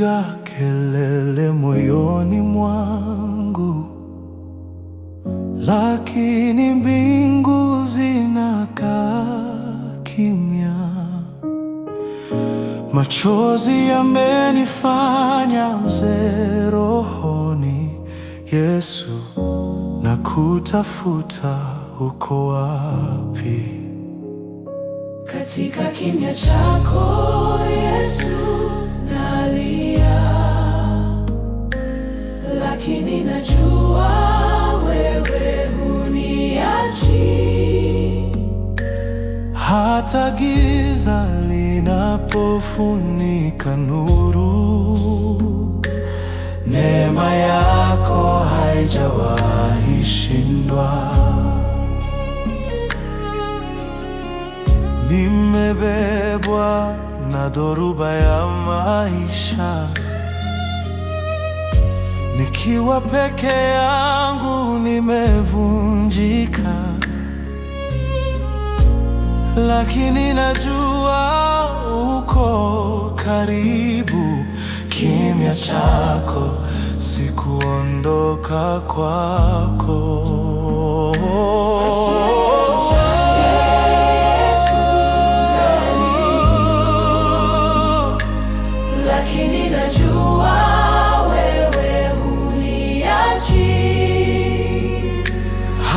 Piga kelele moyoni mwangu, lakini mbingu zinakaa kimya. Machozi yamenifanya mzee rohoni. Yesu, na kutafuta uko wapi? Katika kimya chako Yesu, nali hata giza linapofunika nuru, neema yako haijawahi shindwa. Nimebebwa na dhoruba ya maisha, nikiwa peke yangu nimevunjika lakini najua uko karibu. Kimya chako sikuondoka kwako.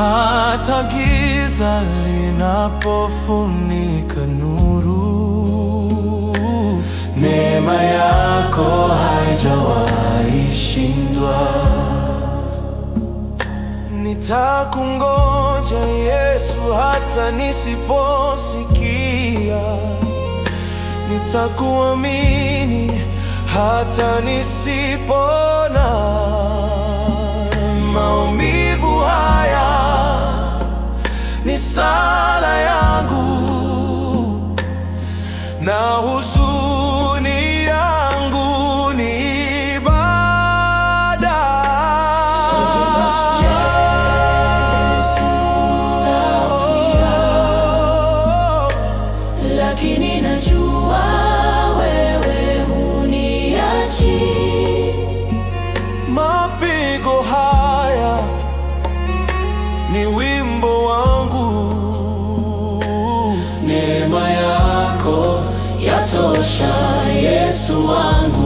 hata giza linapofunika nuru, neema yako haijawahi shindwa. Nitakungoja Yesu, hata nisiposikia, nitakuamini hata nisipona na huzuni yangu ni ibada. Lakini najua wewe huniachi. Mapigo haya ni wimbo wangu, neema yako yatosha Yesu wangu.